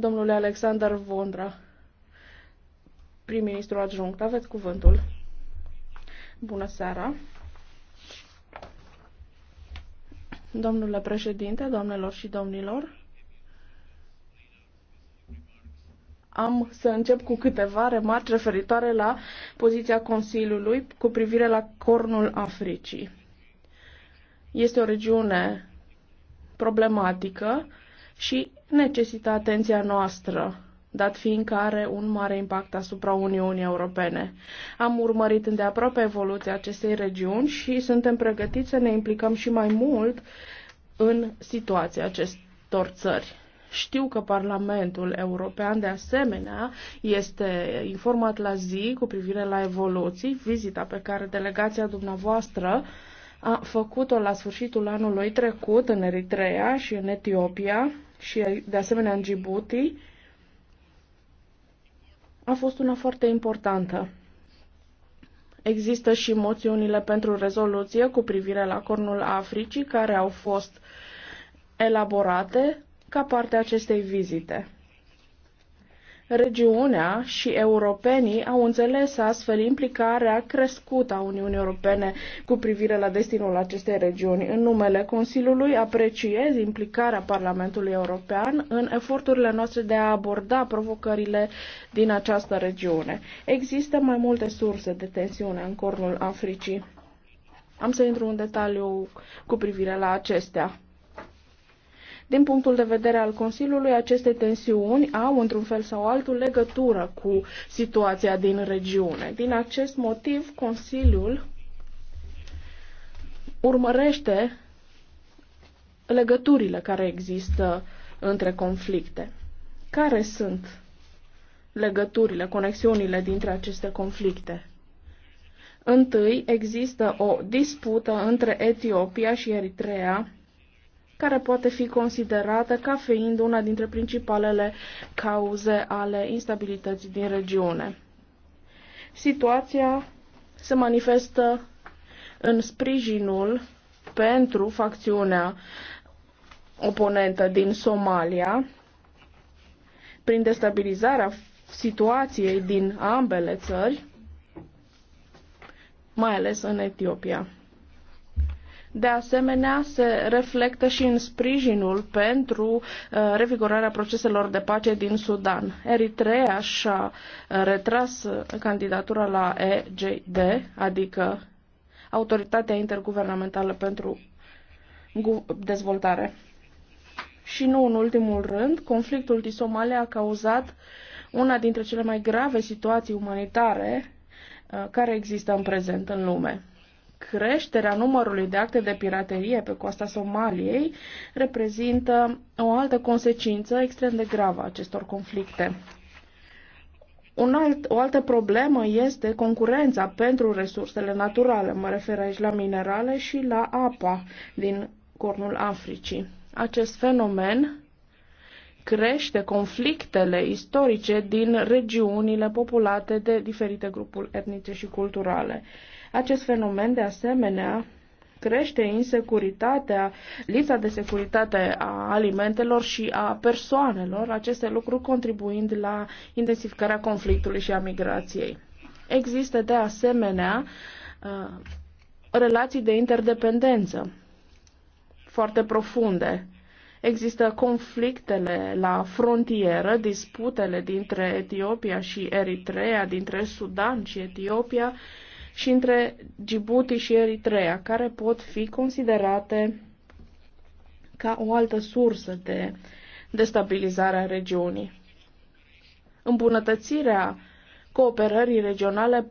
Domnule Alexander Vondra, prim-ministru adjunct, aveți cuvântul. Bună seara! Domnule președinte, doamnelor și domnilor, am să încep cu câteva remarci referitoare la poziția Consiliului cu privire la Cornul Africii. Este o regiune problematică și necesită atenția noastră dat fiind că are un mare impact asupra Uniunii Europene. Am urmărit îndeaproape evoluția acestei regiuni și suntem pregătiți să ne implicăm și mai mult în situația acestor țări. Știu că Parlamentul European, de asemenea, este informat la zi cu privire la evoluții. Vizita pe care delegația dumneavoastră a făcut-o la sfârșitul anului trecut în Eritrea și în Etiopia și de asemenea în Djibouti a fost una foarte importantă. Există și moțiunile pentru rezoluție cu privire la Cornul Africii care au fost elaborate ca parte a acestei vizite. Regiunea și europenii au înțeles astfel implicarea crescută a Uniunii Europene cu privire la destinul acestei regiuni. În numele Consiliului apreciez implicarea Parlamentului European în eforturile noastre de a aborda provocările din această regiune. Există mai multe surse de tensiune în cornul Africii. Am să intru în detaliu cu privire la acestea. Din punctul de vedere al Consiliului, aceste tensiuni au, într-un fel sau altul, legătură cu situația din regiune. Din acest motiv, Consiliul urmărește legăturile care există între conflicte. Care sunt legăturile, conexiunile dintre aceste conflicte? Întâi, există o dispută între Etiopia și Eritrea care poate fi considerată ca fiind una dintre principalele cauze ale instabilității din regiune. Situația se manifestă în sprijinul pentru facțiunea oponentă din Somalia, prin destabilizarea situației din ambele țări, mai ales în Etiopia. De asemenea, se reflectă și în sprijinul pentru uh, revigorarea proceselor de pace din Sudan. Eritrea și-a uh, retras uh, candidatura la EJD, adică Autoritatea Interguvernamentală pentru Dezvoltare. Și nu în ultimul rând, conflictul din Somalia a cauzat una dintre cele mai grave situații umanitare care există în prezent în lume creșterea numărului de acte de piraterie pe coasta Somaliei reprezintă o altă consecință extrem de gravă a acestor conflicte. Un alt, o altă problemă este concurența pentru resursele naturale. Mă refer aici la minerale și la apa din cornul Africii. Acest fenomen crește conflictele istorice din regiunile populate de diferite grupuri etnice și culturale. Acest fenomen, de asemenea, crește insecuritatea, lipsa de securitate a alimentelor și a persoanelor, aceste lucruri contribuind la intensificarea conflictului și a migrației. Există, de asemenea, uh, relații de interdependență foarte profunde. Există conflictele la frontieră, disputele dintre Etiopia și Eritrea, dintre Sudan și Etiopia, și între Djibouti și Eritrea, care pot fi considerate ca o altă sursă de destabilizare a regiunii. Îmbunătățirea cooperării regionale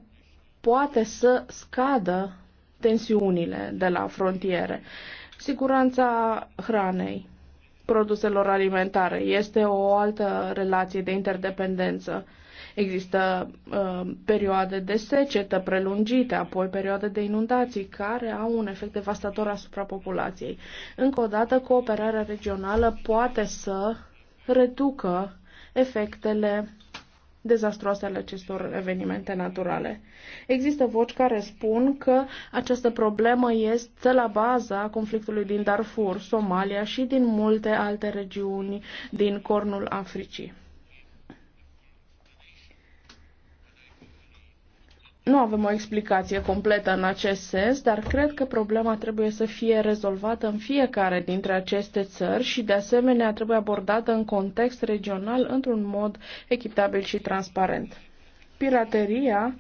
poate să scadă tensiunile de la frontiere. Siguranța hranei, produselor alimentare, este o altă relație de interdependență. Există uh, perioade de secetă prelungite, apoi perioade de inundații care au un efect devastator asupra populației. Încă o dată, cooperarea regională poate să reducă efectele dezastroase ale acestor evenimente naturale. Există voci care spun că această problemă este la baza conflictului din Darfur, Somalia și din multe alte regiuni din cornul Africii. Nu avem o explicație completă în acest sens, dar cred că problema trebuie să fie rezolvată în fiecare dintre aceste țări și, de asemenea, trebuie abordată în context regional într-un mod echitabil și transparent. Pirateria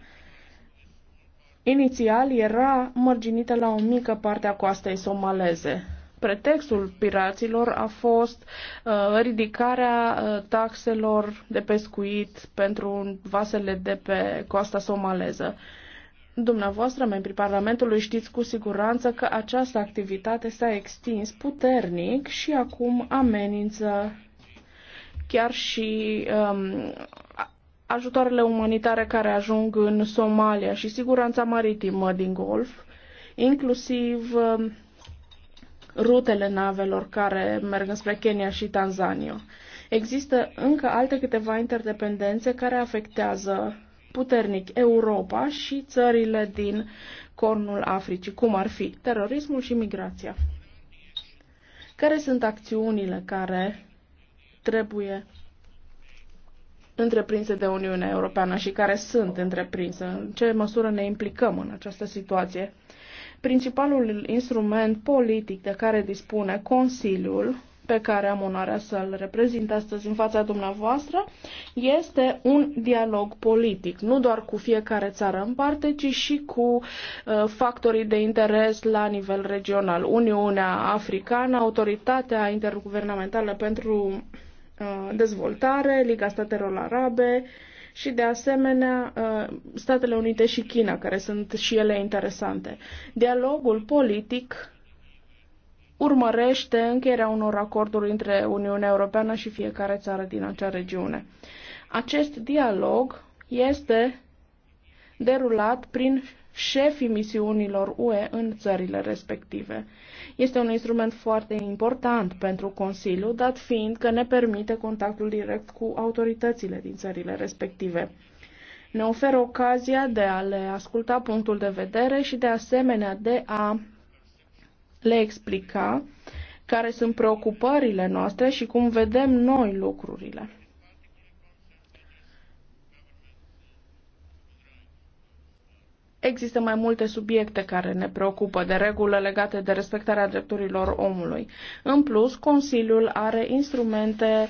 inițial era mărginită la o mică parte a coastei somaleze pretextul piraților a fost uh, ridicarea uh, taxelor de pescuit pentru vasele de pe coasta somaleză. Dumneavoastră, membrii Parlamentului, știți cu siguranță că această activitate s-a extins puternic și acum amenință chiar și um, ajutoarele umanitare care ajung în Somalia și siguranța maritimă din Golf, inclusiv Uh, rutele navelor care merg spre Kenya și Tanzania. Există încă alte câteva interdependențe care afectează puternic Europa și țările din cornul Africii, cum ar fi terorismul și migrația. Care sunt acțiunile care trebuie întreprinse de Uniunea Europeană și care sunt întreprinse? În ce măsură ne implicăm în această situație? Principalul instrument politic de care dispune Consiliul, pe care am onoarea să-l reprezint astăzi în fața dumneavoastră, este un dialog politic, nu doar cu fiecare țară în parte, ci și cu uh, factorii de interes la nivel regional. Uniunea Africană, Autoritatea Interguvernamentală pentru uh, Dezvoltare, Liga Statelor Arabe, și de asemenea uh, Statele Unite și China, care sunt și ele interesante. Dialogul politic urmărește încheierea unor acorduri între Uniunea Europeană și fiecare țară din acea regiune. Acest dialog este derulat prin șefii misiunilor UE în țările respective. Este un instrument foarte important pentru Consiliu, dat fiind că ne permite contactul direct cu autoritățile din țările respective ne oferă ocazia de a le asculta punctul de vedere și de asemenea de a le explica care sunt preocupările noastre și cum vedem noi lucrurile. Există mai multe subiecte care ne preocupă de regulă legate de respectarea drepturilor omului. În plus, Consiliul are instrumente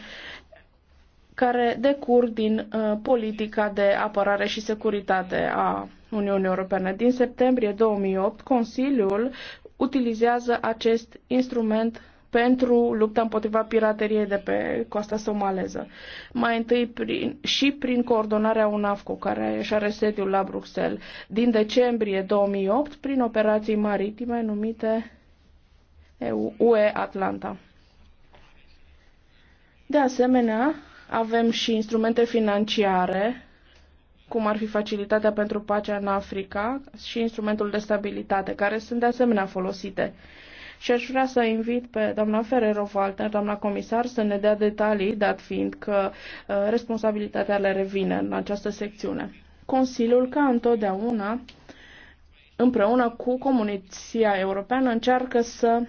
care decur din uh, politica de apărare și securitate a Uniunii Europene. Din septembrie 2008, Consiliul utilizează acest instrument pentru lupta împotriva pirateriei de pe coasta somaleză. Mai întâi prin, și prin coordonarea UNAFCO, care își are sediul la Bruxelles, din decembrie 2008, prin operații maritime numite UE Atlanta. De asemenea, avem și instrumente financiare, cum ar fi facilitatea pentru pacea în Africa și instrumentul de stabilitate, care sunt de asemenea folosite și aș vrea să invit pe doamna Ferrero Walter, doamna comisar, să ne dea detalii, dat fiind că uh, responsabilitatea le revine în această secțiune. Consiliul, ca întotdeauna, împreună cu Comunitatea Europeană, încearcă să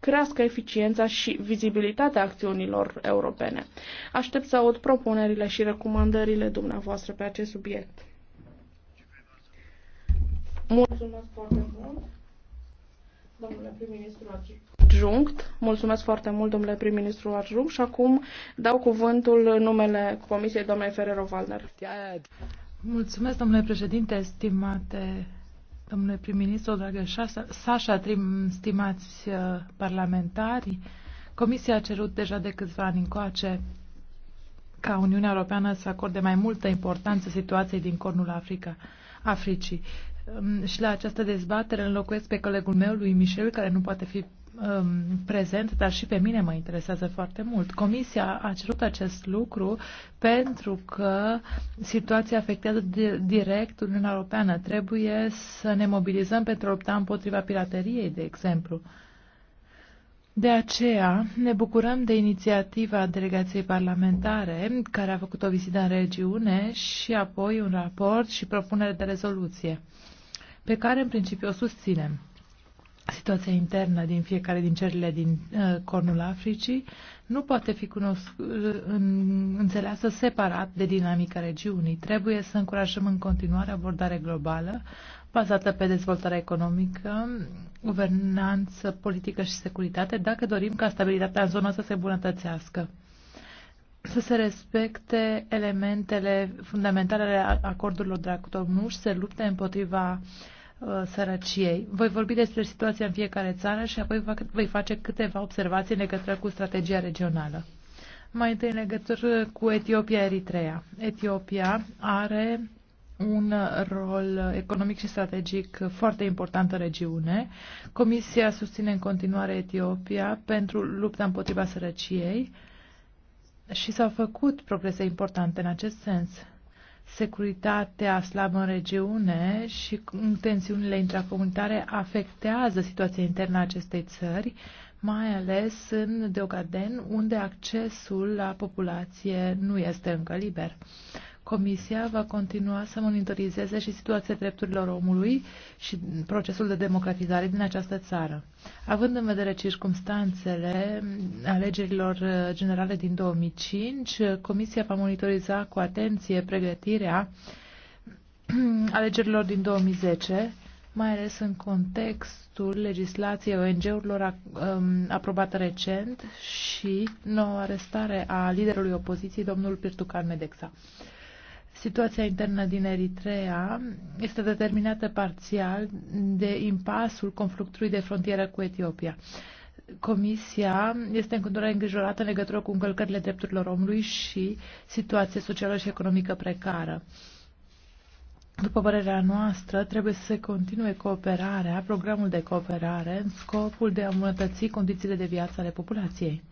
crească eficiența și vizibilitatea acțiunilor europene. Aștept să aud propunerile și recomandările dumneavoastră pe acest subiect. Mulțumesc foarte mult! Domnule prim-ministru adjunct, mulțumesc foarte mult, domnule prim-ministru adjunct, și acum dau cuvântul în numele Comisiei doamnei Ferrero-Valner. Mulțumesc, domnule președinte, stimate domnule prim-ministru, dragă Sasha, stimați uh, parlamentari. Comisia a cerut deja de câțiva ani încoace ca Uniunea Europeană să acorde mai multă importanță situației din cornul Africa, Africii. Um, și la această dezbatere înlocuiesc pe colegul meu, lui Michel, care nu poate fi um, prezent, dar și pe mine mă interesează foarte mult. Comisia a cerut acest lucru pentru că situația afectează direct Uniunea Europeană. Trebuie să ne mobilizăm pentru a lupta împotriva pirateriei, de exemplu. De aceea ne bucurăm de inițiativa delegației parlamentare care a făcut o vizită în regiune și apoi un raport și propunere de rezoluție pe care în principiu o susținem. Situația internă din fiecare din cerile din uh, cornul Africii nu poate fi cunosc, uh, în, înțeleasă separat de dinamica regiunii. Trebuie să încurajăm în continuare abordare globală bazată pe dezvoltare economică, guvernanță politică și securitate, dacă dorim ca stabilitatea în zonă să se bunătățească să se respecte elementele fundamentale ale acordurilor de la Cotonou și să lupte împotriva uh, Uh, sărăciei. Voi vorbi despre situația în fiecare țară și apoi voi face câteva observații în legătură cu strategia regională. Mai întâi în legătură cu Etiopia-Eritrea. Etiopia are un rol economic și strategic foarte important în regiune. Comisia susține în continuare Etiopia pentru lupta împotriva sărăciei și s-au făcut progrese importante în acest sens securitatea slabă în regiune și tensiunile intracomunitare afectează situația internă a acestei țări, mai ales în Deogaden, unde accesul la populație nu este încă liber. Comisia va continua să monitorizeze și situația drepturilor omului și procesul de democratizare din această țară. Având în vedere circumstanțele alegerilor uh, generale din 2005, uh, Comisia va monitoriza cu atenție pregătirea alegerilor din 2010, mai ales în contextul legislației ONG-urilor um, aprobată recent și noua arestare a liderului opoziției, domnul Pirtucan Medexa. Situația internă din Eritrea este determinată parțial de impasul conflictului de frontieră cu Etiopia. Comisia este în continuare îngrijorată în legătură cu încălcările drepturilor omului și situația socială și economică precară. După părerea noastră, trebuie să se continue cooperarea, programul de cooperare, în scopul de a îmbunătăți condițiile de viață ale populației.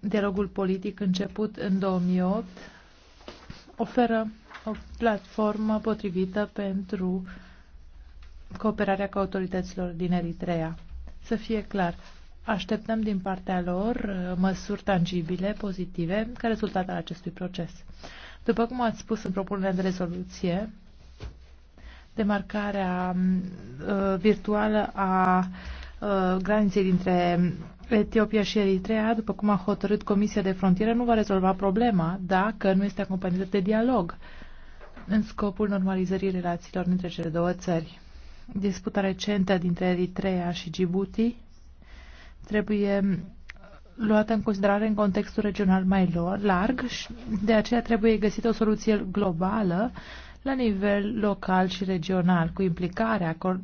Dialogul politic început în 2008 oferă o platformă potrivită pentru cooperarea cu autorităților din Eritrea. Să fie clar, așteptăm din partea lor uh, măsuri tangibile, pozitive, ca rezultat al acestui proces. După cum ați spus în propunerea de rezoluție, demarcarea mm, uh, virtuală a uh, graniței dintre Etiopia și Eritrea, după cum a hotărât Comisia de Frontieră, nu va rezolva problema dacă nu este acompaniată de dialog în scopul normalizării relațiilor dintre cele două țări. Disputa recentă dintre Eritrea și Djibouti trebuie luată în considerare în contextul regional mai larg și de aceea trebuie găsită o soluție globală la nivel local și regional, cu implicarea um,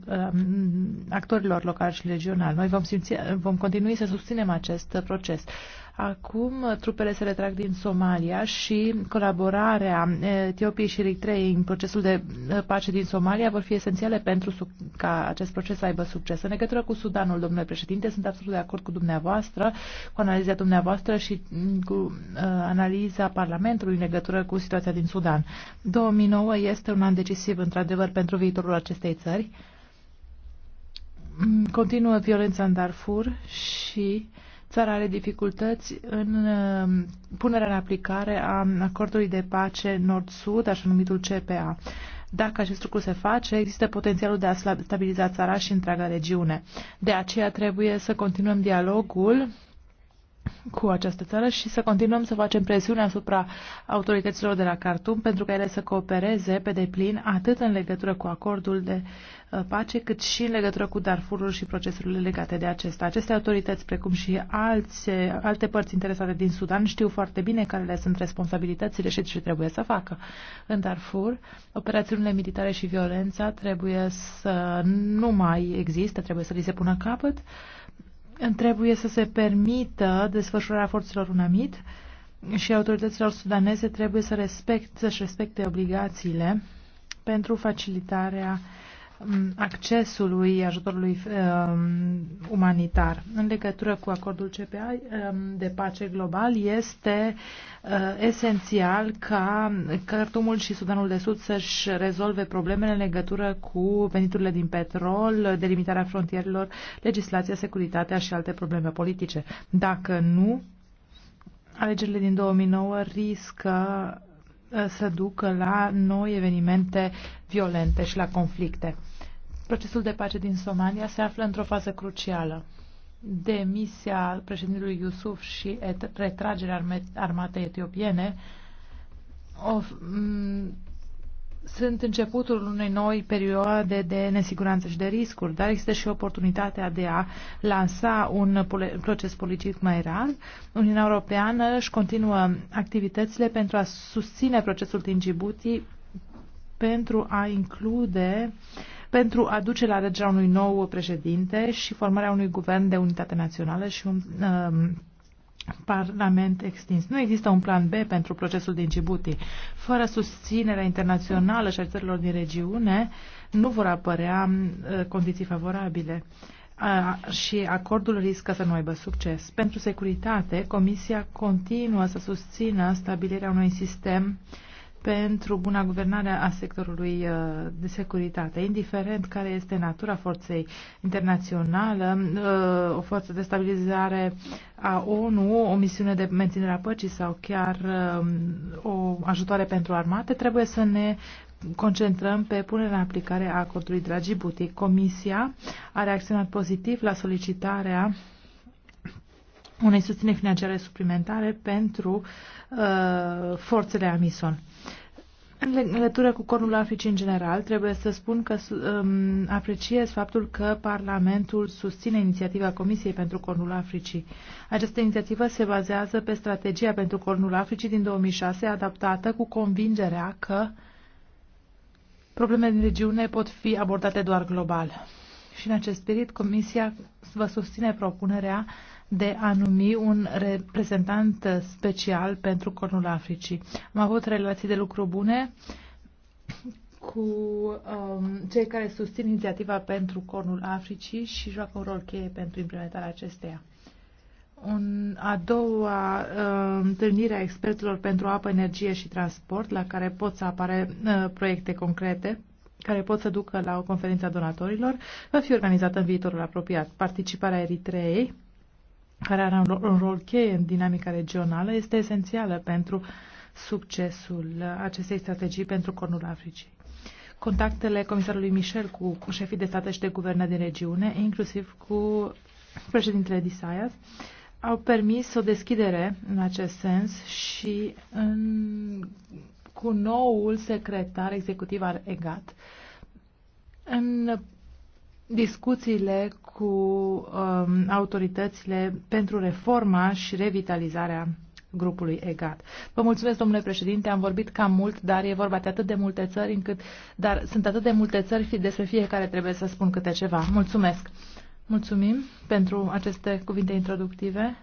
actorilor locali și regionali. Noi vom, simți, vom continui să susținem acest proces. Acum trupele se retrag din Somalia și colaborarea Etiopiei și Eritreei în procesul de pace din Somalia vor fi esențiale pentru ca acest proces să aibă succes. În legătură cu Sudanul, domnule președinte, sunt absolut de acord cu dumneavoastră, cu analiza dumneavoastră și mm, cu uh, analiza Parlamentului în legătură cu situația din Sudan. 2009 este un an decisiv, într-adevăr, pentru viitorul acestei țări. Mm, continuă violența în Darfur și uh, Țara are dificultăți în um, punerea în aplicare a acordului de pace Nord-Sud, așa numitul CPA. Dacă acest lucru se face, există potențialul de a stabiliza țara și întreaga regiune. De aceea trebuie să continuăm dialogul cu această țară și să continuăm să facem presiune asupra autorităților de la Khartoum pentru că ele să coopereze pe deplin atât în legătură cu acordul de uh, pace cât și în legătură cu Darfurul și procesurile legate de acesta. Aceste autorități, precum și alți, alte părți interesate din Sudan, știu foarte bine care le sunt responsabilitățile și ce trebuie să facă. În Darfur, operațiunile militare și violența trebuie să nu mai există, trebuie să li se pună capăt trebuie să se permită desfășurarea forțelor UNAMID și autorităților sudaneze trebuie să, respecte, să respecte obligațiile pentru facilitarea Um, accesului ajutorului um, umanitar. În legătură cu acordul CPA um, de pace global, este uh, esențial ca Cărtumul și Sudanul de Sud să-și rezolve problemele în legătură cu veniturile din petrol, delimitarea frontierelor, legislația, securitatea și alte probleme politice. Dacă nu, alegerile din 2009 riscă Eh, să ducă la noi evenimente violente și la conflicte. Procesul de pace din Somalia se află într-o fază crucială. Demisia președintelui Yusuf și retragerea armatei etiopiene sunt începutul unei noi perioade de nesiguranță și de riscuri, dar există și oportunitatea de a lansa un proces politic mai real. Uniunea Europeană își continuă activitățile pentru a susține procesul din Djibouti pentru a include, pentru a duce la regea unui nou președinte și formarea unui guvern de unitate națională și un uh, Parlament extins. Nu există un plan B pentru procesul din Djibouti. Fără susținerea internațională și a țărilor din regiune, nu vor apărea uh, condiții favorabile și acordul riscă să nu aibă succes. Pentru securitate, Comisia continuă să susțină stabilirea unui sistem uh, pentru buna guvernare a sectorului uh, de securitate, indiferent care este natura forței internațională, uh, o forță de stabilizare a ONU, o misiune de menținere a păcii sau chiar um, o ajutoare pentru armate, trebuie să ne concentrăm pe punerea în aplicare a acordului de la Djibouti. Comisia a reacționat pozitiv la solicitarea unei susțineri financiare suplimentare pentru uh, forțele Amison. În legătură cu Cornul Africii în general, trebuie să spun că um, apreciez faptul că Parlamentul susține inițiativa Comisiei pentru Cornul Africii. Această inițiativă se bazează pe strategia pentru Cornul Africii din 2006, adaptată cu convingerea că problemele din regiune pot fi abordate doar global. Și în acest spirit, Comisia vă susține propunerea uh, de a numi un reprezentant special pentru Cornul Africii. Am avut relații de lucru bune cu um, cei care susțin inițiativa pentru Cornul Africii și joacă un rol cheie pentru implementarea acesteia. Un, a doua uh, întâlnire a expertilor pentru apă, energie și transport, la care pot să apare uh, proiecte concrete care pot să ducă la o conferință a donatorilor, va fi organizată în viitorul apropiat. Participarea Eritreei, care are un rol cheie în dinamica regională, este esențială pentru succesul acestei strategii pentru Cornul Africii. Contactele comisarului Michel cu șefii de state și de guverne din regiune, inclusiv cu președintele Disaias, au permis o deschidere în acest sens și în, cu noul secretar executiv al EGAT. În discuțiile cu um, autoritățile pentru reforma și revitalizarea grupului EGAT. Vă mulțumesc, domnule președinte, am vorbit cam mult, dar e vorba de atât de multe țări încât, dar sunt atât de multe țări despre fiecare trebuie să spun câte ceva. Mulțumesc! Mulțumim pentru aceste cuvinte introductive.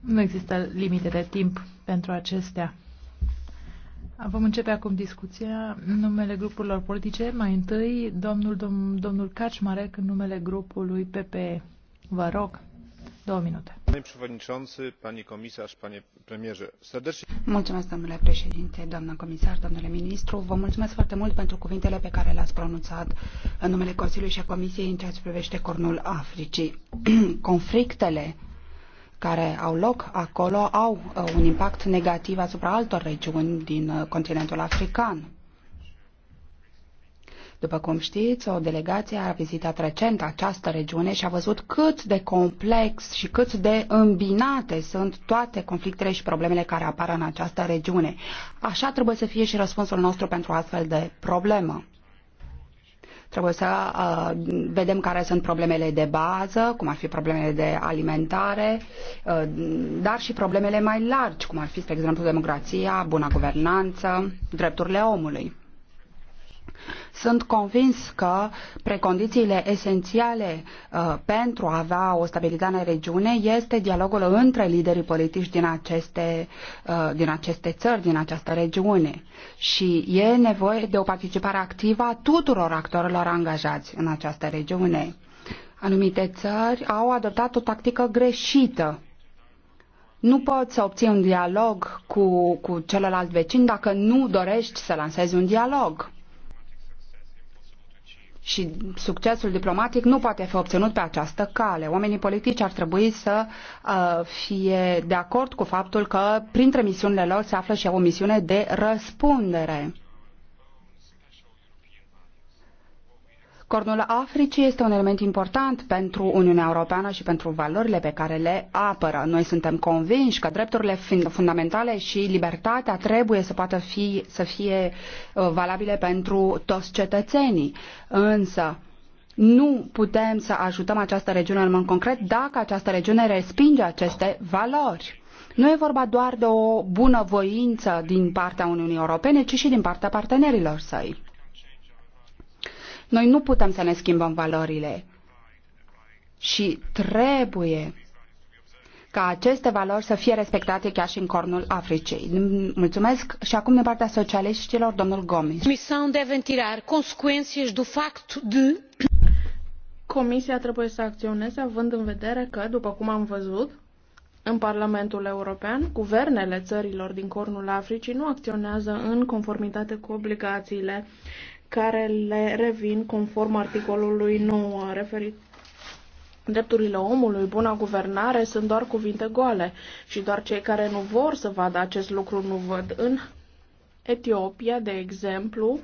Nu există limite de timp pentru acestea. Vom începe acum discuția în numele grupurilor politice. Mai întâi, domnul, dom, domnul Kaczmarek în numele grupului PPE. Vă rog, două minute. Mulțumesc, domnule președinte, doamnă comisar, domnule ministru. Vă mulțumesc foarte mult pentru cuvintele pe care le-ați pronunțat în numele Consiliului și a Comisiei în ceea ce privește Cornul Africii. Conflictele care au loc acolo au uh, un impact negativ asupra altor regiuni din uh, continentul african. După cum știți, o delegație a vizitat recent această regiune și a văzut cât de complex și cât de îmbinate sunt toate conflictele și problemele care apar în această regiune. Așa trebuie să fie și răspunsul nostru pentru astfel de problemă. Trebuie să uh, vedem care sunt problemele de bază, cum ar fi problemele de alimentare, uh, dar și problemele mai largi, cum ar fi, spre exemplu, democrația, buna guvernanță, drepturile omului. Sunt convins că precondițiile esențiale uh, pentru a avea o stabilitate în regiune este dialogul între liderii politici din aceste, uh, din aceste țări, din această regiune. Și e nevoie de o participare activă a tuturor actorilor angajați în această regiune. Anumite țări au adoptat o tactică greșită nu poți să obții un dialog cu, cu celălalt vecin dacă nu dorești să lansezi un dialog și succesul diplomatic nu poate fi obținut pe această cale. Oamenii politici ar trebui să uh, fie de acord cu faptul că printre misiunile lor se află și o misiune de răspundere. Cornul Africii este un element important pentru Uniunea Europeană și pentru valorile pe care le apără. Noi suntem convinși că drepturile fundamentale și libertatea trebuie să poată fi, să fie uh, valabile pentru toți cetățenii. Însă, nu putem să ajutăm această regiune în mod concret dacă această regiune respinge aceste valori. Nu e vorba doar de o bună voință din partea Uniunii Europene, ci și din partea partenerilor săi. Noi nu putem să ne schimbăm valorile și trebuie ca aceste valori să fie respectate chiar și în cornul Africei. Mulțumesc și acum din partea socialiștilor, domnul Gomes. Misiunea deve tirar consecințe do fapt de... Comisia trebuie să acționeze având în vedere că, după cum am văzut, în Parlamentul European, guvernele țărilor din cornul Africii nu acționează în conformitate cu obligațiile care le revin conform articolului 9 referit Drepturile omului, buna guvernare sunt doar cuvinte goale și doar cei care nu vor să vadă acest lucru nu văd. În Etiopia, de exemplu,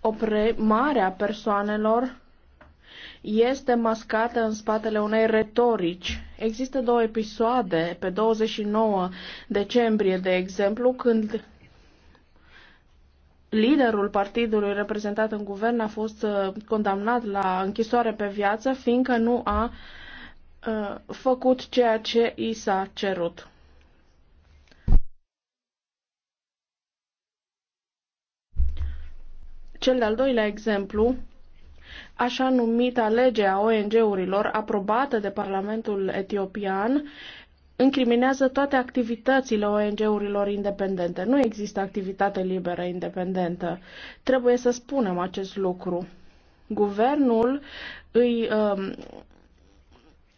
a persoanelor este mascată în spatele unei retorici. Există două episoade, pe 29 decembrie, de exemplu, când liderul partidului reprezentat în guvern a fost uh, condamnat la închisoare pe viață, fiindcă nu a uh, făcut ceea ce i s-a cerut. Cel de-al doilea exemplu, așa numita lege a ONG-urilor aprobată de Parlamentul etiopian, încriminează toate activitățile ONG-urilor independente. Nu există activitate liberă independentă. Trebuie să spunem acest lucru. Guvernul îi um,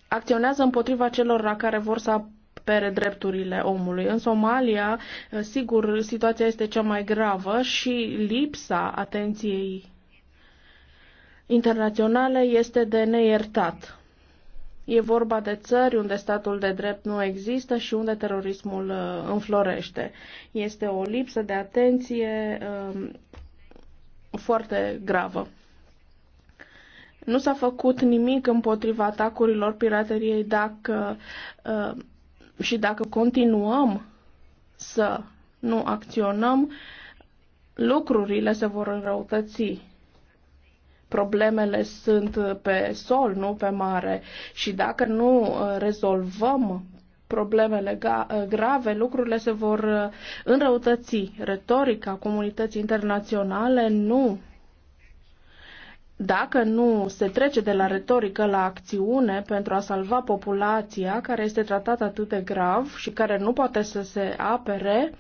acționează împotriva celor care vor să apere drepturile omului. În Somalia, uh, sigur, situația este cea mai gravă și lipsa atenției internaționale este de neiertat. E vorba de țări unde statul de drept nu există și unde terorismul uh, înflorește. Este o lipsă de atenție um, foarte gravă. Nu s-a făcut nimic împotriva atacurilor pirateriei dacă uh, și dacă continuăm să nu acționăm, lucrurile se vor înrăutăți problemele sunt pe sol, nu pe mare. Și dacă nu uh, rezolvăm problemele uh, grave, lucrurile se vor uh, înrăutăți. Retorica comunității internaționale nu dacă nu se trece de la retorică la acțiune pentru a salva populația care este tratată atât de grav și care nu poate să se apere,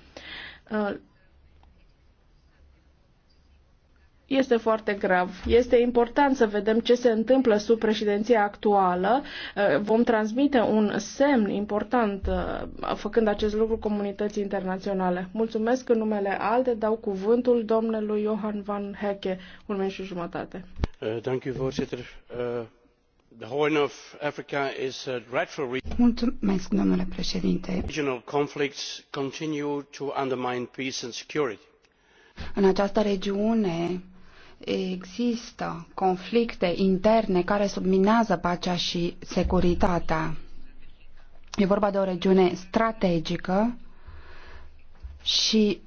este foarte grav. Este important să vedem ce se întâmplă sub președinția actuală. Uh, vom transmite un semn important uh, făcând acest lucru comunității internaționale. Mulțumesc în numele ALDE, dau cuvântul domnului Johan van Hecke, un minut și jumătate. Uh, Mulțumesc, domnule președinte. Regional conflicts continue to undermine peace and security. În această regiune există conflicte interne care subminează pacea și securitatea. E vorba de o regiune strategică și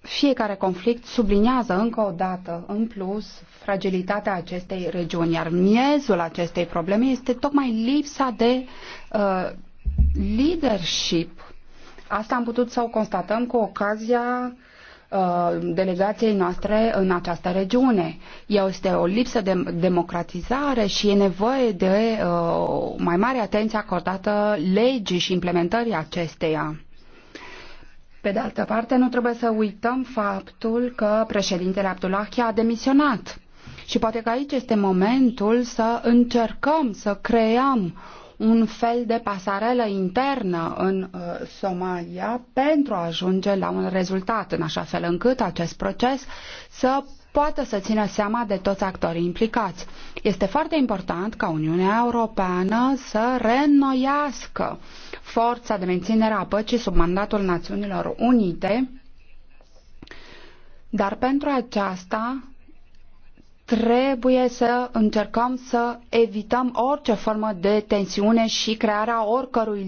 fiecare conflict subliniază încă o dată, în plus, fragilitatea acestei regiuni, iar miezul acestei probleme este tocmai lipsa de uh, leadership. Asta am putut să o constatăm cu ocazia Uh, delegației noastre în această regiune. Este o lipsă de democratizare și e nevoie de uh, mai mare atenție acordată legii și implementării acesteia. Pe de altă parte, nu trebuie să uităm faptul că președintele Abdullah a demisionat. Și poate că aici este momentul să încercăm să creăm un fel de pasarelă internă în uh, Somalia pentru a ajunge la un rezultat, în așa fel încât acest proces să poată să țină seama de toți actorii implicați. Este foarte important ca Uniunea Europeană să reînnoiască forța de menținere a păcii sub mandatul Națiunilor Unite, dar pentru aceasta trebuie să încercăm să evităm orice formă de tensiune și crearea oricărui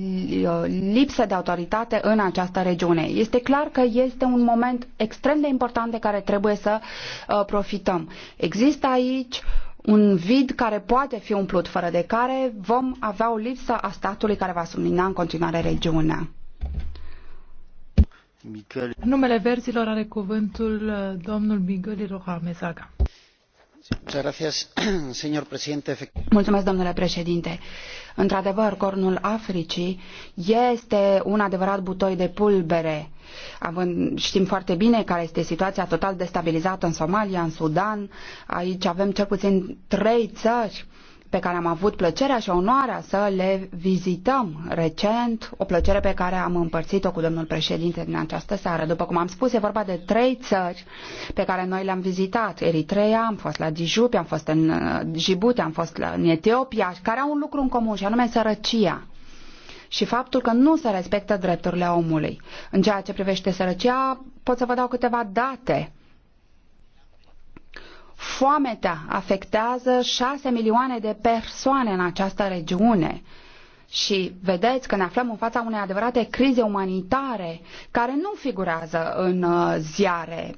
uh, lipsă de autoritate în această regiune. Este clar că este un moment extrem de important de care trebuie să uh, profităm. Există aici un vid care poate fi umplut, fără de care vom avea o lipsă a statului care va submina în continuare regiunea. Numele verzilor are cuvântul uh, domnul Miguel Rohamezaga. Mulțumesc, domnule președinte. Într-adevăr, cornul Africii este un adevărat butoi de pulbere. Având, știm foarte bine care este situația total destabilizată în Somalia, în Sudan. Aici avem cel puțin trei țări uh, pe care am avut plăcerea și onoarea să le vizităm recent, o plăcere pe care am împărțit-o cu domnul președinte din această seară. După cum am spus, e vorba de trei țări pe care noi le-am vizitat. Eritrea, am fost la Djibouti, am fost în uh, Djibouti, am fost la, în Etiopia, care au un lucru în comun și anume sărăcia și faptul că nu se respectă drepturile omului. În ceea ce privește sărăcia, pot să vă dau câteva date Foametea afectează 6 milioane de persoane în această regiune. Și vedeți că ne aflăm în fața unei adevărate crize umanitare care nu figurează în uh, ziare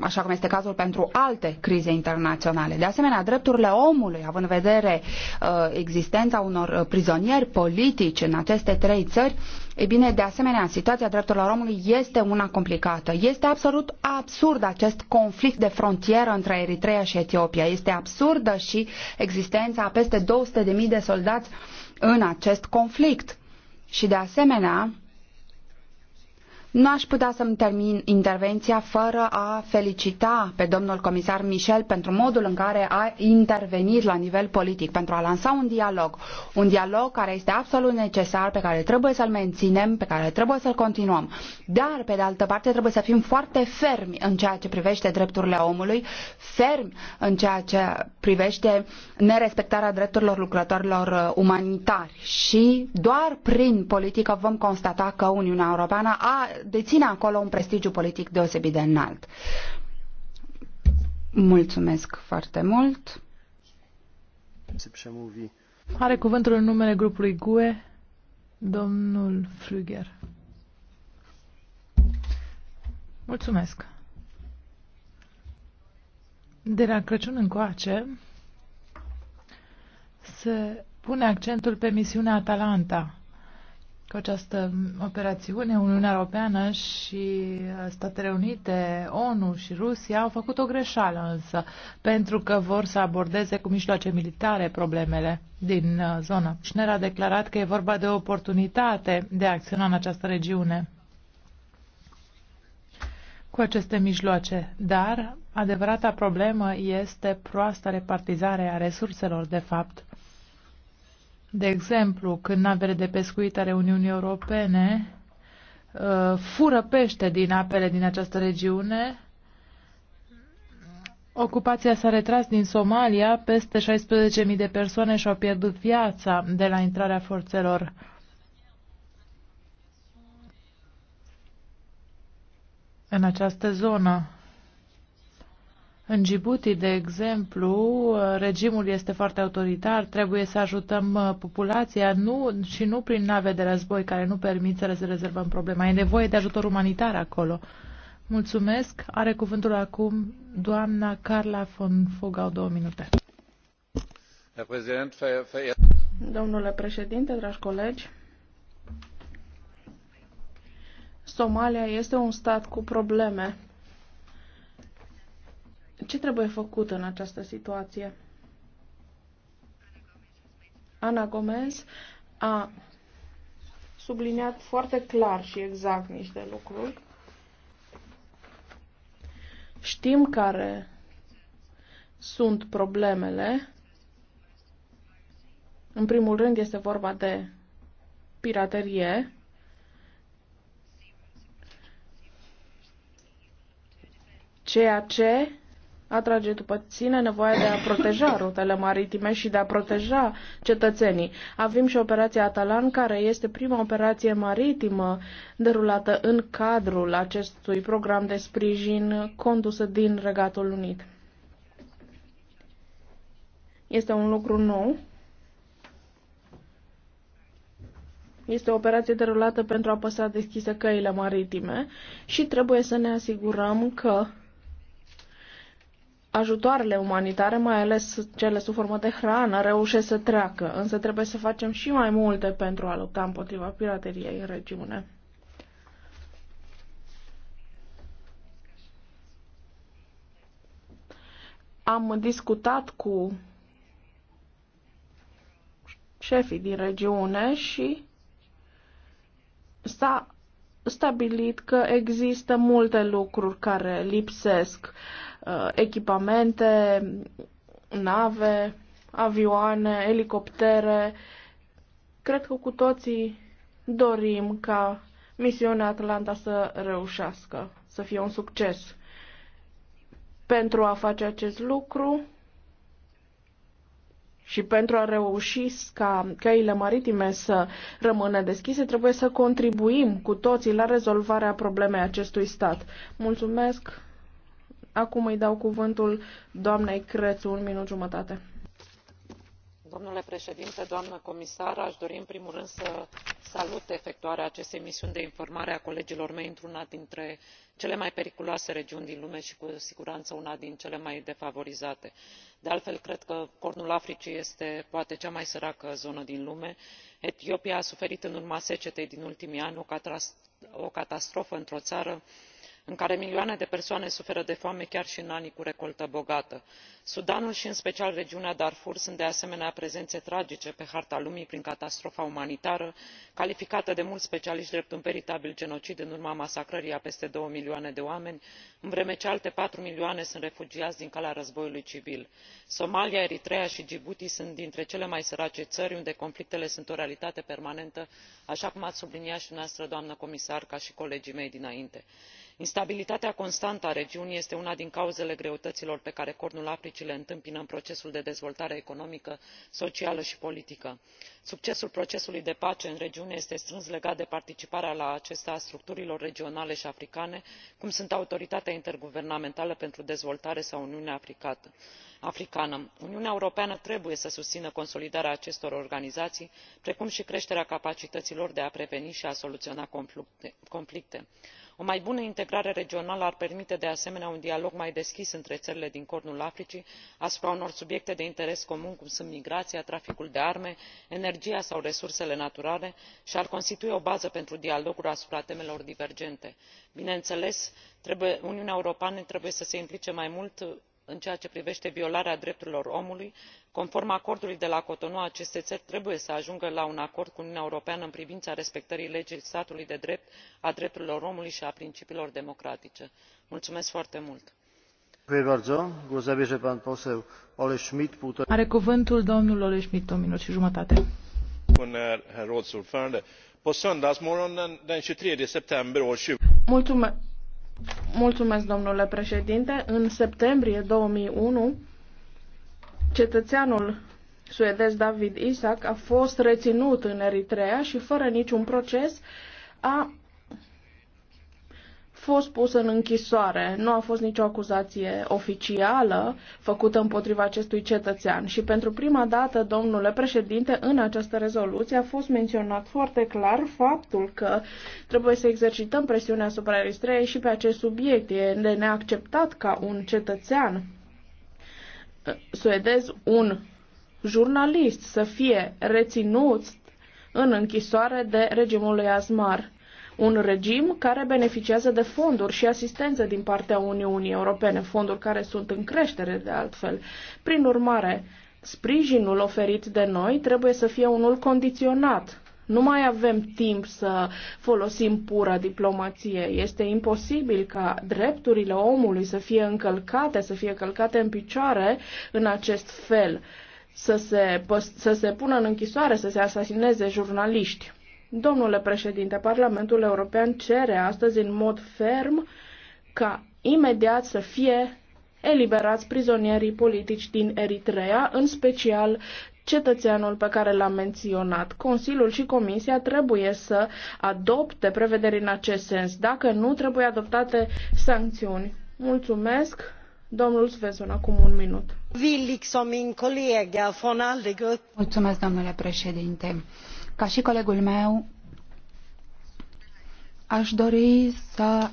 așa cum este cazul pentru alte crize internaționale. De asemenea, drepturile omului, având în vedere uh, existența unor uh, prizonieri politici în aceste trei țări, e bine, de asemenea, situația drepturilor omului este una complicată. Este absolut absurd acest conflict de frontieră între Eritrea și Etiopia. Este absurdă și existența a peste 200.000 de soldați în acest conflict. Și de asemenea, nu aș putea să-mi termin intervenția fără a felicita pe domnul comisar Michel pentru modul în care a intervenit la nivel politic, pentru a lansa un dialog. Un dialog care este absolut necesar, pe care trebuie să-l menținem, pe care trebuie să-l continuăm. Dar, pe de altă parte, trebuie să fim foarte fermi în ceea ce privește drepturile omului, fermi în ceea ce privește nerespectarea drepturilor lucrătorilor uh, umanitari. Și doar prin politică vom constata că Uniunea Europeană a deține acolo un prestigiu politic deosebit de înalt. Mulțumesc foarte mult. Are cuvântul în numele grupului GUE, domnul Flüger. Mulțumesc. De la Crăciun încoace se pune accentul pe misiunea Atalanta, cu această operațiune, Uniunea Europeană și uh, Statele Unite, ONU și Rusia au făcut o greșeală însă, pentru că vor să abordeze cu mijloace militare problemele din uh, zonă. Schner a declarat că e vorba de o oportunitate de a acționa în această regiune cu aceste mijloace, dar adevărata problemă este proasta repartizare a resurselor, de fapt. De exemplu, când navele de pescuit ale Uniunii Europene uh, fură pește din apele din această regiune, ocupația s-a retras din Somalia, peste 16.000 de persoane și-au pierdut viața de la intrarea forțelor în această zonă. În Djibouti, de exemplu, regimul este foarte autoritar, trebuie să ajutăm uh, populația nu, și nu prin nave de război care nu permit să rezolvăm problema. E nevoie de ajutor umanitar acolo. Mulțumesc. Are cuvântul acum doamna Carla von Fogau, două minute. Domnule președinte, dragi colegi, Somalia este un stat cu probleme ce trebuie făcut în această situație? Ana Gomez a subliniat foarte clar și exact niște lucruri. Știm care sunt problemele. În primul rând este vorba de piraterie. Ceea ce atrage după sine nevoia de a proteja rutele maritime și de a proteja cetățenii. Avem și operația Atalan, care este prima operație maritimă derulată în cadrul acestui program de sprijin condusă din Regatul Unit. Este un lucru nou. Este o operație derulată pentru a păsa deschisă căile maritime și trebuie să ne asigurăm că ajutoarele umanitare, mai ales cele sub formă de hrană, reușesc să treacă, însă trebuie să facem și mai multe pentru a lupta împotriva pirateriei în regiune. Am discutat cu șefii din regiune și s-a stabilit că există multe lucruri care lipsesc. Uh, echipamente, nave, avioane, elicoptere. Cred că cu toții dorim ca misiunea Atlanta să reușească, să fie un succes. Pentru a face acest lucru, și pentru a reuși ca căile maritime să rămână deschise, trebuie să contribuim cu toții la rezolvarea problemei acestui stat. Mulțumesc! Acum îi dau cuvântul doamnei Crețu, un minut jumătate domnule președinte doamnă comisar aș dori în primul rând să salut efectuarea acestei misiuni de informare a colegilor mei într una dintre cele mai periculoase regiuni din lume și cu siguranță una din cele mai defavorizate. de altfel cred că cornul africii este poate cea mai săracă zonă din lume etiopia a suferit în urma secetei din ultimii ani o catastrofă într o țară în care milioane de persoane suferă de foame chiar și în anii cu recoltă bogată sudanul i în special regiunea darfur sunt de asemenea prezene tragice pe harta lumii prin catastrofa umanitară calificată de muli specialiti drept un veritabil genocid în urma masacrării a peste două milioane de oameni în vreme ce alte patru milioane sunt refugiai din calea războiului civil. somalia eritreea i djibouti sunt dintre cele mai sărace ări unde conflictele sunt o realitate permanentă aa cum ai subliniat i dumneavoastră doamnă comisar ca i colegii mei dinainte. instabilitatea constantă a regiunii este una din cauzele greutăilor pe care cornul africii și le întâmpină în procesul de dezvoltare economică socială și politică. succesul procesului de pace în regiune este strâns legat de participarea la acesta a structurilor regionale și africane cum sunt autoritatea interguvernamentală pentru dezvoltare sau uniunea africană africană. uniunea europeană trebuie să susțină consolidarea acestor organizații precum și creșterea capacităii lor de a preveni și a soluționa conflicte. o mai bună integrare regională ar permite de asemenea un dialog mai deschis între ările din cornul africii asupra unor subiecte de interes comun cum sunt migrația traficul de arme energia sau resursele naturale și ar constitui o bază pentru dialoguri asupra temelor divergente. bineînțeles uniunea europeană trebuie să se implice mai mult în ceea ce privește violarea drepturilor omului conform acordului de la cotonou aceste țări trebuie să ajungă la un acord cu uniunea europeană în privința respectării legii statului de drept a drepturilor omului și a principiilor democratice. mulțumesc foarte mult! Are cuvântul domnul și jumătate. Mulțumesc. Mulțumesc, domnule președinte. În septembrie 2001, cetățeanul suedez David Isaac a fost reținut în Eritrea și fără niciun proces a fost pus în închisoare. Nu a fost nicio acuzație oficială făcută împotriva acestui cetățean și pentru prima dată, domnule președinte, în această rezoluție a fost menționat foarte clar faptul că trebuie să exercităm presiunea asupra Eritreei și pe acest subiect. E de neacceptat ca un cetățean uh, suedez, un jurnalist să fie reținut în închisoare de regimul lui Azmar un regim care beneficiază de fonduri și asistență din partea Uniunii Europene, fonduri care sunt în creștere de altfel. Prin urmare, sprijinul oferit de noi trebuie să fie unul condiționat. Nu mai avem timp să folosim pura diplomație. Este imposibil ca drepturile omului să fie încălcate, să fie călcate în picioare în acest fel, să se, să se pună în închisoare, să se asasineze jurnaliști. Domnule președinte, Parlamentul European cere astăzi în mod ferm ca imediat să fie eliberați prizonierii politici din Eritrea, în special cetățeanul pe care l-am menționat. Consiliul și Comisia trebuie să adopte prevederi în acest sens. Dacă nu, trebuie adoptate sancțiuni. Mulțumesc. Domnul Svezon, acum un minut. min kollega Mulțumesc, domnule președinte. Ca și colegul meu, aș dori să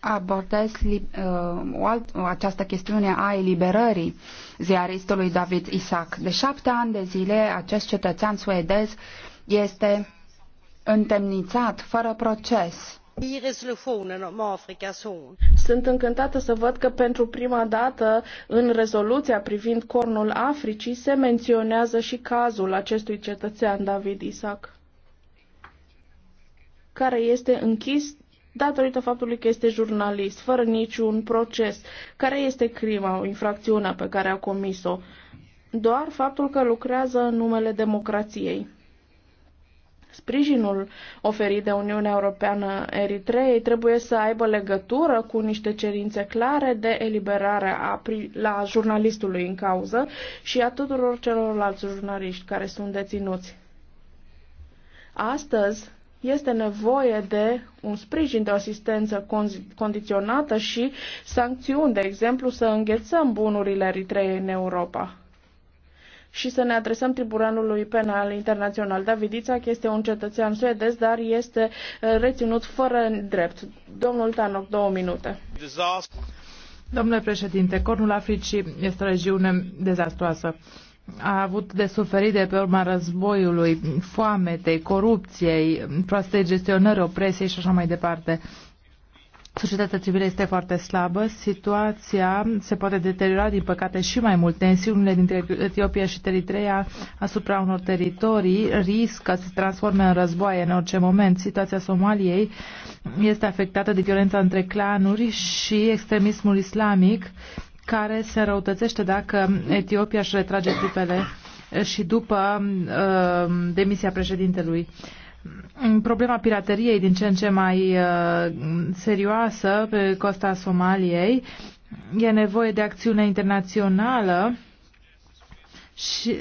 abordez uh, o alt, această chestiune a eliberării ziaristului David Isaac. De șapte ani de zile, acest cetățean suedez este întemnițat fără proces sunt încântată să văd că pentru prima dată în rezoluția privind cornul Africii se menționează și cazul acestui cetățean David Isaac, care este închis datorită faptului că este jurnalist, fără niciun proces. Care este crima, infracțiune pe care a comis-o? Doar faptul că lucrează în numele democrației. Sprijinul oferit de Uniunea Europeană Eritreei trebuie să aibă legătură cu niște cerințe clare de eliberare a, la jurnalistului în cauză și a tuturor celorlalți jurnaliști care sunt deținuți. Astăzi, este nevoie de un sprijin, de o asistență condiționată și sancțiuni, de exemplu, să înghețăm bunurile Eritreei în Europa și să ne adresăm Tribunalului Penal Internațional. David Ițac este un cetățean suedez, dar este uh, reținut fără drept. Domnul Tanoc, două minute. Domnule președinte, Cornul Africii este o regiune dezastroasă. a avut de suferit de pe urma războiului, foametei, corupției, proastei gestionări, opresiei și așa mai departe. Societatea civilă este foarte slabă, situația se poate deteriora, din păcate, și mai mult. Tensiunile dintre Etiopia și Eritrea asupra unor teritorii riscă să se transforme în războaie în orice moment. Situația Somaliei este afectată de violența între clanuri și extremismul islamic, care se răutățește dacă Etiopia își retrage trupele și după uh, demisia președintelui. Uh, Problema pirateriei din ce în ce mai uh, serioasă pe costa Somaliei e nevoie de acțiune internațională și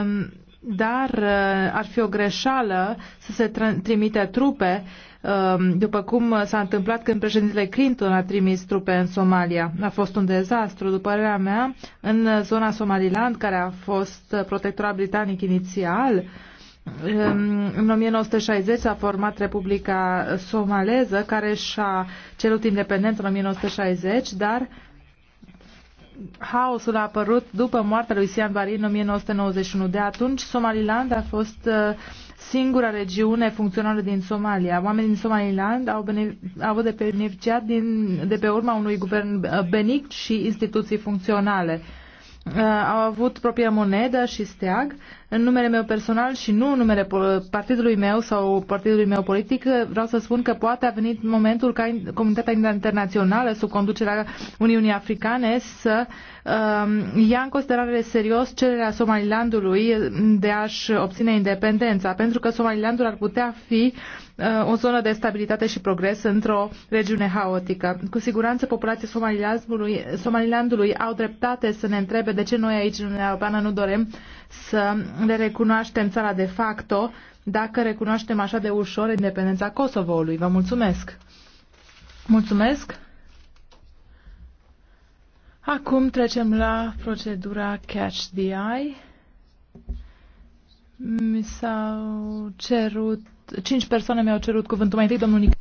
um, dar uh, ar fi o greșeală să se trimite trupe, um, după cum s-a întâmplat când președintele Clinton a trimis trupe în Somalia. A fost un dezastru, după părerea mea, în zona Somaliland, care a fost protectorat britanic inițial, în 1960 s-a format Republica Somaleză, care și-a cerut independență în 1960, dar haosul a apărut după moartea lui Sian Barin în 1991. De atunci, Somaliland a fost uh, singura regiune funcțională din Somalia. Oamenii din Somaliland au, au avut de beneficiat din, de pe urma unui guvern uh, benic și instituții funcționale. Uh, au avut propria monedă și steag în numele meu personal și nu în numele partidului meu sau partidului meu politic, vreau să spun că poate a venit momentul ca comunitatea internațională sub conducerea Uniunii Africane să um, ia în considerare serios cererea Somalilandului de a-și obține independența, pentru că Somalilandul ar putea fi uh, o zonă de stabilitate și progres într-o regiune haotică. Cu siguranță populația Somalilandului, Somalilandului au dreptate să ne întrebe de ce noi aici în Uniunea Europeană nu uh, să le recunoaștem țara de facto dacă recunoaștem așa de ușor independența Kosovoului. Vă mulțumesc! Mulțumesc! Acum trecem la procedura Catch the Eye. Mi s-au cerut, cinci persoane mi-au cerut cuvântul mai întâi, domnul Nicolae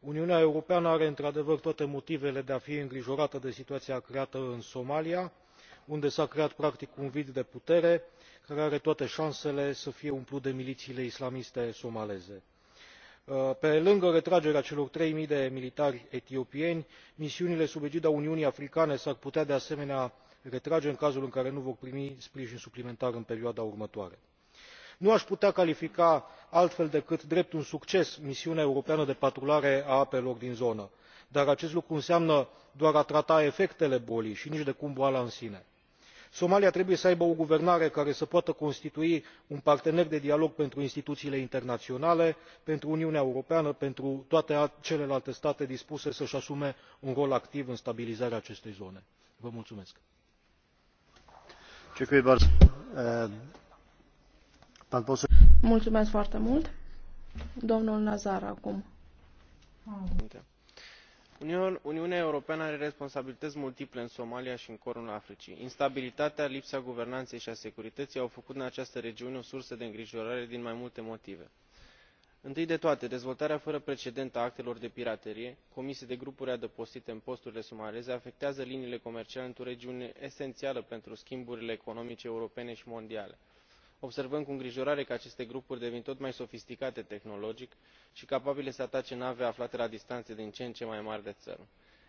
uniunea europeană are într adevăr toate motivele de a fi îngrijorată de situația creată în somalia unde s a creat practic un vid de putere care are toate șansele să fie umplut de milițiile islamiste somaleze. Uh, pe lângă retragerea celor trei mii de militari etiopieni misiunile sub egida uniunii africane s ar putea de asemenea retrage în cazul în care nu vor primi sprijin suplimentar în perioada următoare nu aș putea califica altfel decât drept un succes misiunea europeană de patrulare a apelor din zonă dar acest lucru înseamnă doar a trata efectele bolii și cum boala în sine. somalia trebuie să aibă o guvernare care să poată constitui un partener de dialog pentru instituțiile internaționale pentru uniunea europeană pentru toate celelalte state dispuse să își asume un rol activ în stabilizarea acestei zone. Mulțumesc foarte mult. Domnul Nazar acum. Uniunea Europeană are responsabilități multiple în Somalia și în cornul Africii. Instabilitatea, lipsa guvernanței și a securității au făcut în această regiune o sursă de îngrijorare din mai multe motive întâi de toate dezvoltarea fără precedent a actelor de piraterie comise de grupuri adăpostite în posturile somaleze afectează liniile comerciale într o regiune esențială pentru schimburile economice europene și mondiale observăm cu îngrijorare că aceste grupuri devin tot mai sofisticate tehnologic și capabile să atace nave aflate la distanțe din ce în ce mai mari de țări.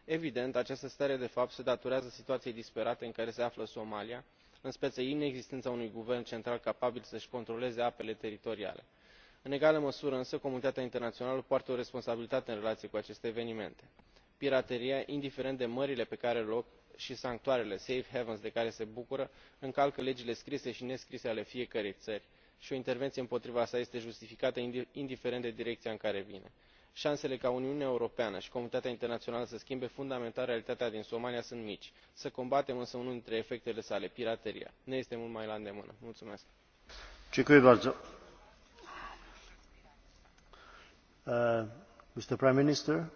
evident această stare de fapt se datorează situației disperate în care se află somalia în speță inexistența unui guvern central capabil să și controleze apele teritoriale. în egală măsură însă comunitatea internațională poartă o responsabilitate în relație cu aceste evenimente pirateria indiferent de mările pe care și sanctuarele safe havens de care se bucură încalcă legile scrise și nescrise ale fiecărei țări și o intervenție împotriva sa este justificată indiferent de direcția în care vine. șansele ca uniunea europeană și comunitatea internațională să schimbe fundamental realitatea din somalia sunt mici. să combatem însă unul dintre efectele sale pirateria ne este mult mai la îndemână. mulțumesc. Uh, mr prime minister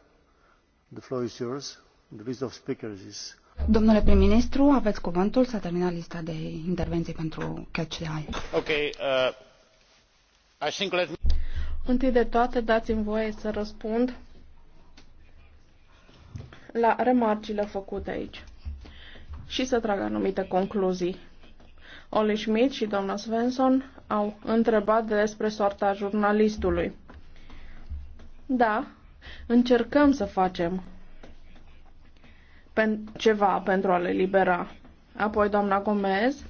the floor is yours. the list of speakers is Domnule prim-ministru, aveți cuvântul. S-a terminat lista de intervenții pentru Catch the Eye. Ok. uh, I think let me... Întâi de toate, dați-mi voie să răspund la remarcile făcute aici și să trag anumite concluzii. Oli Schmidt și doamna Svensson au întrebat despre soarta jurnalistului. Da, încercăm să facem pen- ceva pentru a le libera. Apoi doamna Gomez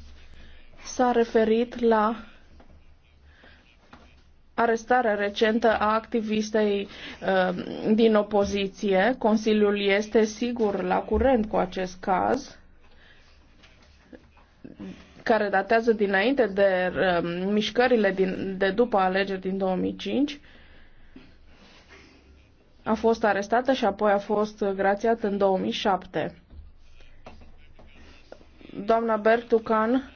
s-a referit la arestarea recentă a activistei uh, din opoziție. Consiliul este sigur la curent cu acest caz care datează dinainte de uh, mișcările din, de după alegeri din 2005 a fost arestată și apoi a fost grațiată în 2007. Doamna Bertucan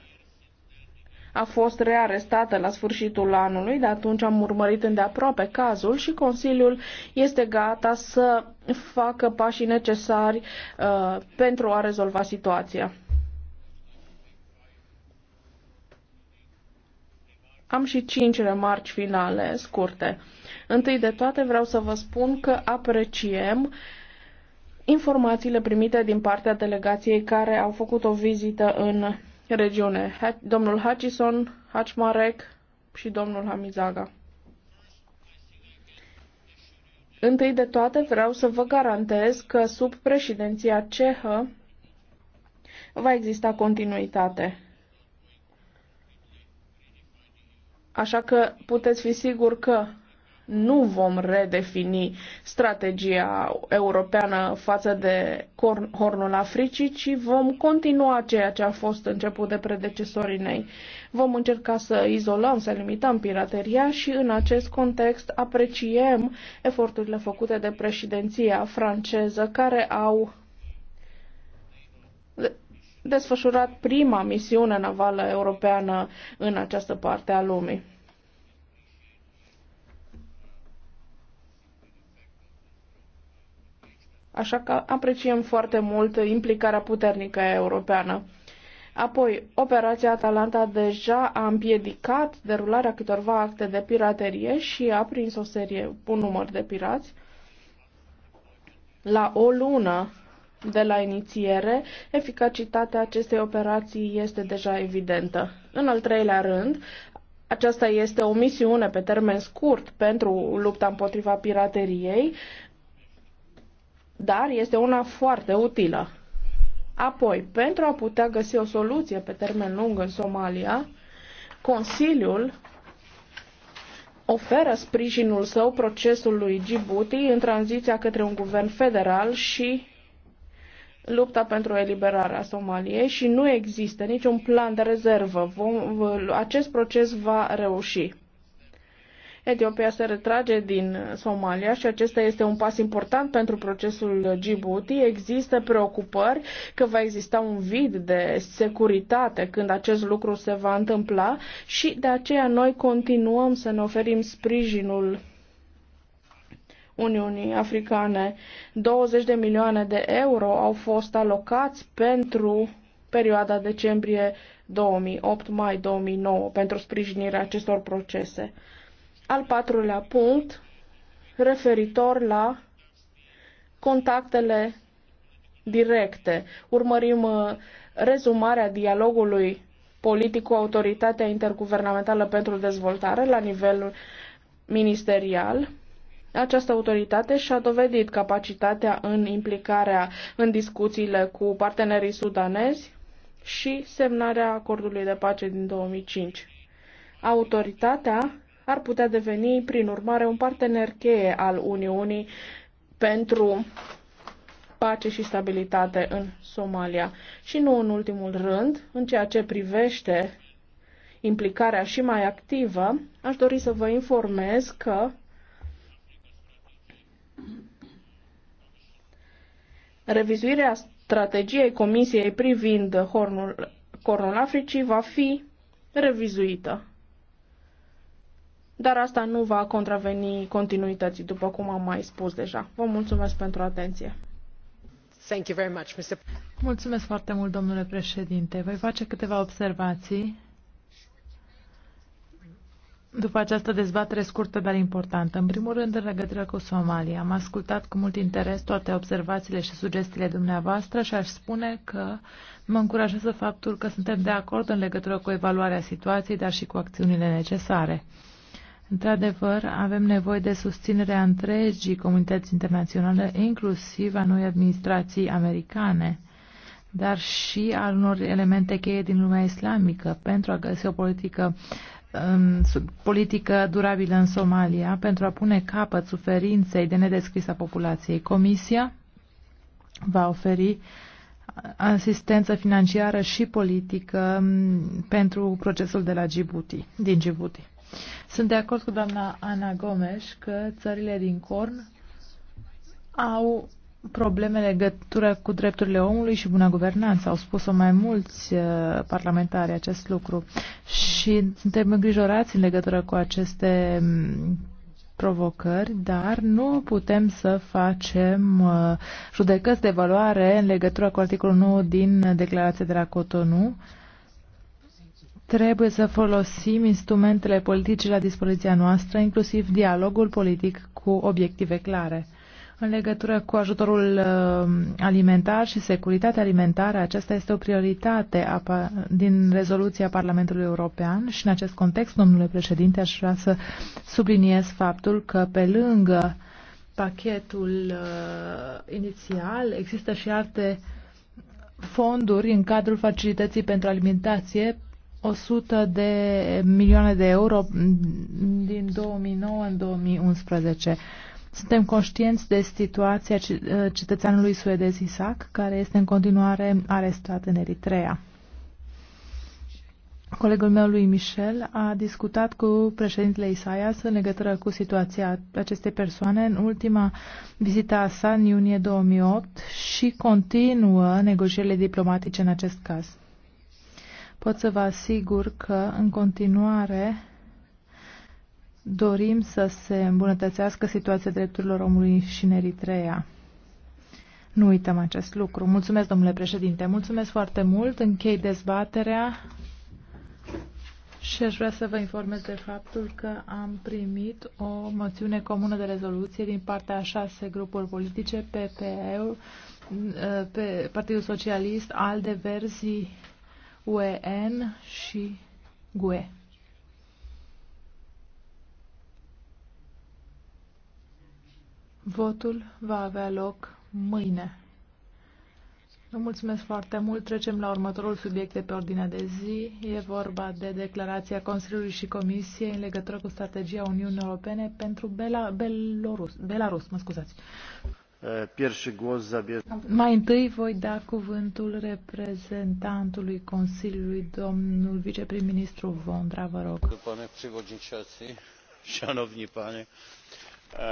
a fost rearestată la sfârșitul anului, de atunci am urmărit îndeaproape cazul și Consiliul este gata să facă pașii necesari uh, pentru a rezolva situația. Am și cinci remarci finale, scurte. Întâi de toate vreau să vă spun că apreciem informațiile primite din partea delegației care au făcut o vizită în regiune. Domnul Hutchison, Hachmarek și domnul Hamizaga. Întâi de toate vreau să vă garantez că sub președinția cehă va exista continuitate. Așa că puteți fi sigur că nu vom redefini strategia europeană față de Hornul Africii, ci vom continua ceea ce a fost început de predecesorii mei. Vom încerca să izolăm, să limităm pirateria și în acest context apreciem eforturile făcute de președinția franceză care au desfășurat prima misiune navală europeană în această parte a lumii. Așa că apreciem foarte mult implicarea puternică europeană. Apoi, operația Atalanta deja a împiedicat derularea câtorva acte de piraterie și a prins o serie, un număr de pirați. La o lună de la inițiere, eficacitatea acestei operații este deja evidentă. În al treilea rând, aceasta este o misiune pe termen scurt pentru lupta împotriva pirateriei, dar este una foarte utilă. Apoi, pentru a putea găsi o soluție pe termen lung în Somalia, Consiliul oferă sprijinul său procesului Djibouti în tranziția către un guvern federal și lupta pentru eliberarea Somaliei și nu există niciun plan de rezervă. Vom, acest proces va reuși. Etiopia se retrage din Somalia și acesta este un pas important pentru procesul Djibouti. Există preocupări că va exista un vid de securitate când acest lucru se va întâmpla și de aceea noi continuăm să ne oferim sprijinul Uniunii Africane. 20 de milioane de euro au fost alocați pentru perioada decembrie 2008-mai 2009 pentru sprijinirea acestor procese. Al patrulea punct, referitor la contactele directe. Urmărim uh, rezumarea dialogului politic cu Autoritatea Interguvernamentală pentru Dezvoltare la nivel ministerial această autoritate și-a dovedit capacitatea în implicarea în discuțiile cu partenerii sudanezi și semnarea acordului de pace din 2005. Autoritatea ar putea deveni, prin urmare, un partener cheie al Uniunii pentru pace și stabilitate în Somalia. Și nu în ultimul rând, în ceea ce privește implicarea și mai activă, aș dori să vă informez că Revizuirea strategiei Comisiei privind Hornul, Cornul Africii va fi revizuită. Dar asta nu va contraveni continuității, după cum am mai spus deja. Vă mulțumesc pentru atenție. Thank you very much, Mr. Mulțumesc foarte mult, domnule președinte. Voi face câteva observații după această dezbatere scurtă, dar importantă. În primul rând, în legătură cu Somalia, am ascultat cu mult interes toate observațiile și sugestiile dumneavoastră și aș spune că mă încurajează faptul că suntem de acord în legătură cu evaluarea situației, dar și cu acțiunile necesare. Într-adevăr, avem nevoie de susținerea întregii comunități internaționale, inclusiv a noi administrații americane dar și al unor elemente cheie din lumea islamică pentru a găsi o politică politică durabilă în Somalia pentru a pune capăt suferinței de nedescris a populației. Comisia va oferi uh, asistență financiară și politică um, pentru procesul de la Djibouti, din Djibouti. Sunt de acord cu doamna Ana Gomes că țările din Corn au probleme legătură cu drepturile omului și buna guvernanță. Au spus-o mai mulți uh, parlamentari acest lucru și suntem îngrijorați în legătură cu aceste mm, provocări, dar nu putem să facem uh, judecăți de valoare în legătură cu articolul 9 din declarația de la Cotonou. Trebuie să folosim instrumentele politice la dispoziția noastră, inclusiv dialogul politic cu obiective clare. În legătură cu ajutorul uh, alimentar și securitatea alimentară, aceasta este o prioritate din rezoluția Parlamentului European și în acest context, domnule președinte, aș vrea să subliniez faptul că pe lângă pachetul uh, inițial există și alte fonduri în cadrul facilității pentru alimentație 100 de milioane de euro din 2009 în 2011. Suntem conștienți de situația uh, cetățeanului suedez Isaac, care este în continuare arestat în Eritrea. Colegul meu lui Michel a discutat cu președintele Isaias în legătură cu situația acestei persoane în ultima vizită a sa în iunie 2008 și continuă negocierile diplomatice în acest caz. Pot să vă asigur că în continuare dorim să se îmbunătățească situația drepturilor omului și în Eritrea. Nu uităm acest lucru. Mulțumesc, domnule președinte. Mulțumesc foarte mult. Închei dezbaterea și aș vrea să vă informez de faptul că am primit o moțiune comună de rezoluție din partea a șase grupuri politice, PPE, pe Partidul Socialist, ALDE, Verzi, UEN și GUE. Votul va avea loc mâine. Vă mulțumesc foarte mult. Trecem la următorul subiect de pe ordinea de zi. E vorba de declarația Consiliului și Comisiei în legătură cu strategia Uniunii Europene pentru Bela, Belarus. Belarus mă scuzați. Mai întâi voi da cuvântul reprezentantului Consiliului, domnul viceprim-ministru Vondra, vă rog. Pane